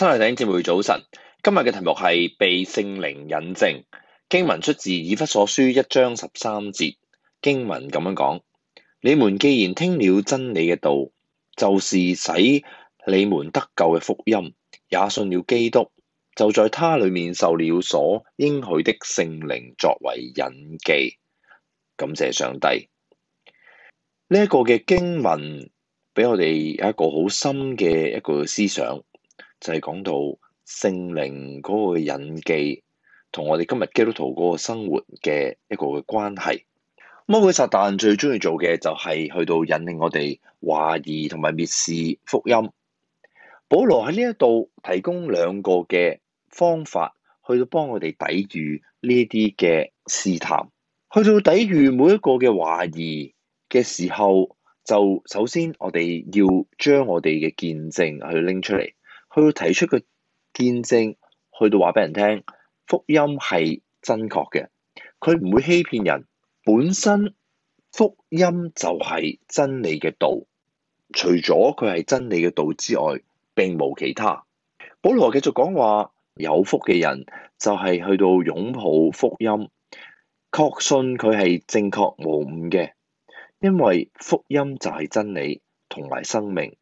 親愛的弟兄姊妹，早晨，今日嘅題目係被聖靈印證，經文出自以弗所書一章十三節。經文咁樣講：你們既然聽了真理嘅道，就是使你們得救嘅福音，也信了基督，就在他裡面受了所應許的聖靈作為印記。感謝上帝，呢、這、一個嘅經文俾我哋有一個好深嘅一個思想。就係講到聖靈嗰個印記同我哋今日基督徒嗰個生活嘅一個嘅關係。魔鬼撒旦最中意做嘅就係去到引領我哋懷疑同埋蔑視福音。保羅喺呢一度提供兩個嘅方法，去到幫我哋抵禦呢啲嘅試探，去到抵禦每一個嘅懷疑嘅時候，就首先我哋要將我哋嘅見證去拎出嚟。佢會提出個見證，去到話俾人聽，福音係真確嘅。佢唔會欺騙人，本身福音就係真理嘅道。除咗佢係真理嘅道之外，並無其他。保羅繼續講話：有福嘅人就係去到擁抱福音，確信佢係正確無誤嘅，因為福音就係真理，同埋生命。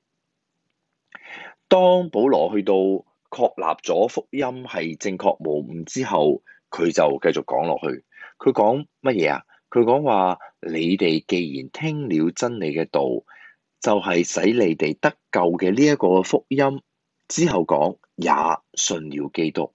當保羅去到確立咗福音係正確無誤之後，佢就繼續講落去。佢講乜嘢啊？佢講話，你哋既然聽了真理嘅道，就係使你哋得救嘅呢一個福音之後講，也信了基督。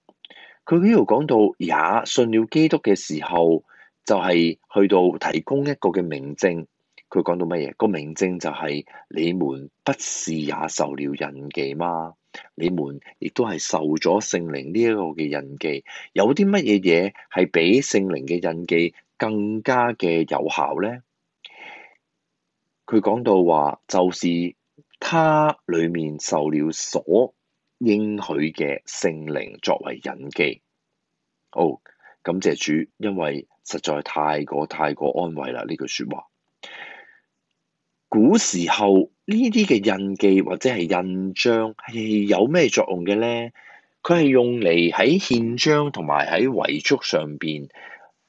佢呢度講到也信了基督嘅時候，就係去到提供一個嘅明證。佢講到乜嘢？個名證就係、是、你們不是也受了印記嗎？你們亦都係受咗聖靈呢一個嘅印記。有啲乜嘢嘢係比聖靈嘅印記更加嘅有效呢？佢講到話，就是他裡面受了所應許嘅聖靈作為印記。好，感謝主，因為實在太過太過安慰啦！呢句説話。古時候呢啲嘅印記或者係印章係有咩作用嘅呢？佢係用嚟喺憲章同埋喺遺囑上邊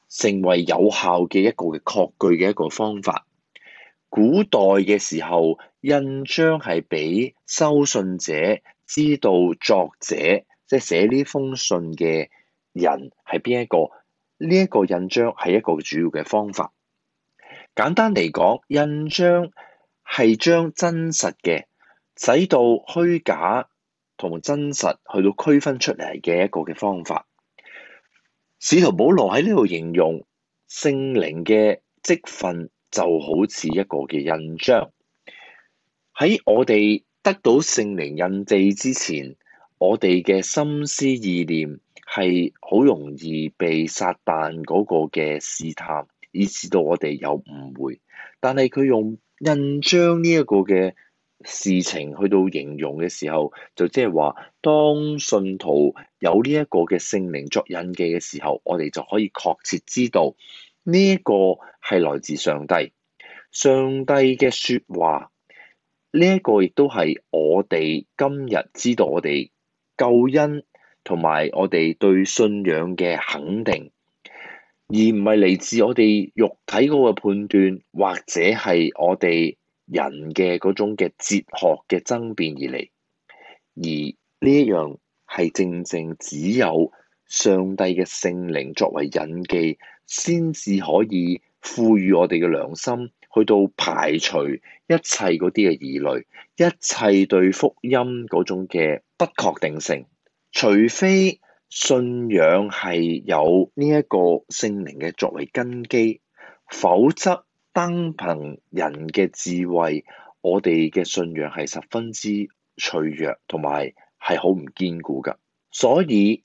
成為有效嘅一個嘅確據嘅一個方法。古代嘅時候，印章係俾收信者知道作者即係、就是、寫呢封信嘅人係邊一個。呢、這、一個印章係一個主要嘅方法。簡單嚟講，印章。係將真實嘅使到虛假同真實去到區分出嚟嘅一個嘅方法。使徒保羅喺呢度形容聖靈嘅積分就好似一個嘅印章。喺我哋得到聖靈印記之前，我哋嘅心思意念係好容易被撒旦嗰個嘅試探，以致到我哋有誤會。但係佢用。印章呢一個嘅事情去到形容嘅時候，就即係話，當信徒有呢一個嘅聖靈作印記嘅時候，我哋就可以確切知道呢一個係來自上帝。上帝嘅說話，呢一個亦都係我哋今日知道我哋救恩同埋我哋對信仰嘅肯定。而唔係嚟自我哋肉體嗰個判斷，或者係我哋人嘅嗰種嘅哲學嘅爭辯而嚟。而呢一樣係正正只有上帝嘅聖靈作為印記，先至可以賦予我哋嘅良心去到排除一切嗰啲嘅疑慮，一切對福音嗰種嘅不確定性，除非，信仰係有呢一個聖靈嘅作為根基，否則單憑人嘅智慧，我哋嘅信仰係十分之脆弱同埋係好唔堅固㗎。所以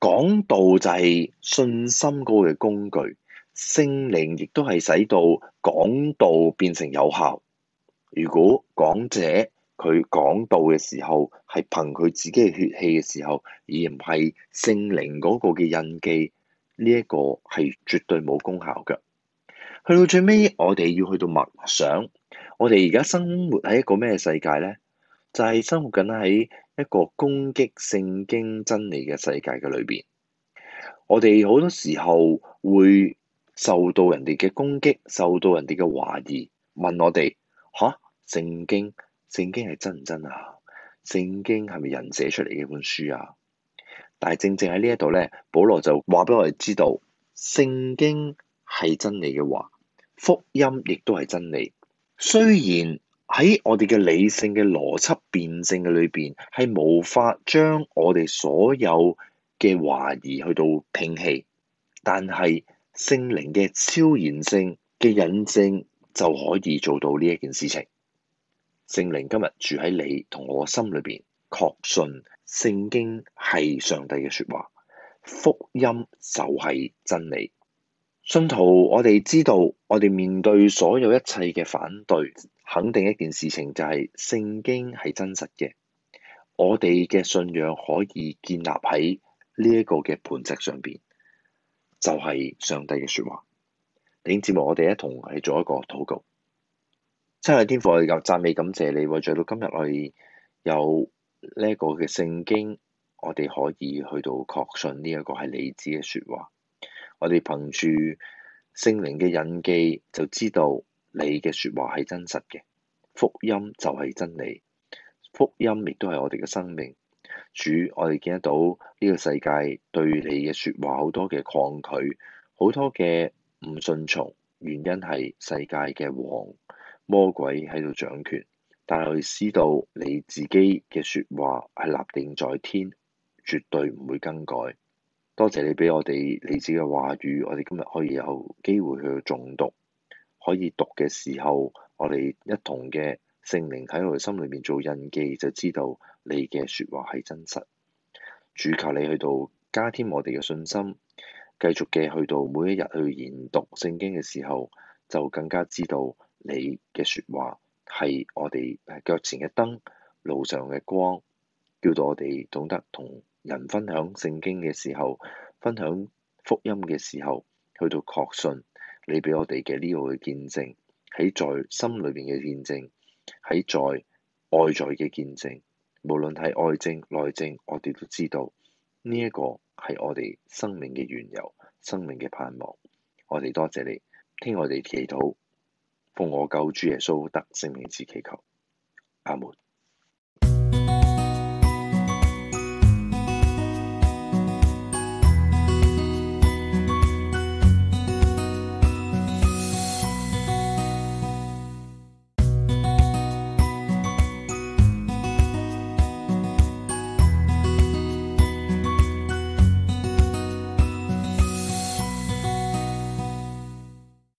講道就係信心個嘅工具，聖靈亦都係使到講道變成有效。如果講者，佢講到嘅時候，係憑佢自己嘅血氣嘅時候，而唔係聖靈嗰個嘅印記，呢一個係絕對冇功效嘅。去到最尾，我哋要去到默想。我哋而家生活喺一個咩世界呢？就係生活緊喺一個攻擊聖經真理嘅世界嘅裏邊。我哋好多時候會受到人哋嘅攻擊，受到人哋嘅懷疑，問我哋嚇，聖經。聖經係真唔真啊？聖經係咪人寫出嚟嘅本書啊？但係正正喺呢一度咧，保羅就話俾我哋知道，聖經係真理嘅話，福音亦都係真理。雖然喺我哋嘅理性嘅邏輯辨證嘅裏邊係無法將我哋所有嘅懷疑去到摒棄，但係聖靈嘅超然性嘅引證就可以做到呢一件事情。聖靈今日住喺你同我心裏邊，確信聖經係上帝嘅說話，福音就係真理。信徒，我哋知道，我哋面對所有一切嘅反對，肯定一件事情就係聖經係真實嘅。我哋嘅信仰可以建立喺呢一個嘅磐石上邊，就係上帝嘅說話。第啲節目，我哋一同去做一個禱告。真係天父，我哋又讚美感謝你。為咗到今日，我哋有呢一個嘅聖經，我哋可以去到確信呢一個係理智嘅説話。我哋憑住聖靈嘅印記，就知道你嘅説話係真實嘅。福音就係真理，福音亦都係我哋嘅生命。主，我哋見得到呢個世界對你嘅説話好多嘅抗拒，好多嘅唔順從，原因係世界嘅王。魔鬼喺度掌權，但係佢知道你自己嘅説話係立定在天，絕對唔會更改。多謝你俾我哋你自嘅話語，我哋今日可以有機會去到重讀。可以讀嘅時候，我哋一同嘅聖靈喺我哋心裏面做印記，就知道你嘅説話係真實。主求你去到加添我哋嘅信心，繼續嘅去到每一日去研讀聖經嘅時候，就更加知道。你嘅説話係我哋腳前嘅燈，路上嘅光，叫到我哋懂得同人分享聖經嘅時候，分享福音嘅時候，去到確信你畀我哋嘅呢個嘅見證，喺在，在心裏面嘅見證，喺在外在嘅見證，無論係外證內證，我哋都知道呢一個係我哋生命嘅緣由，生命嘅盼望。我哋多謝，謝你，聽我哋祈禱。奉我救主耶穌得勝名字祈求，阿門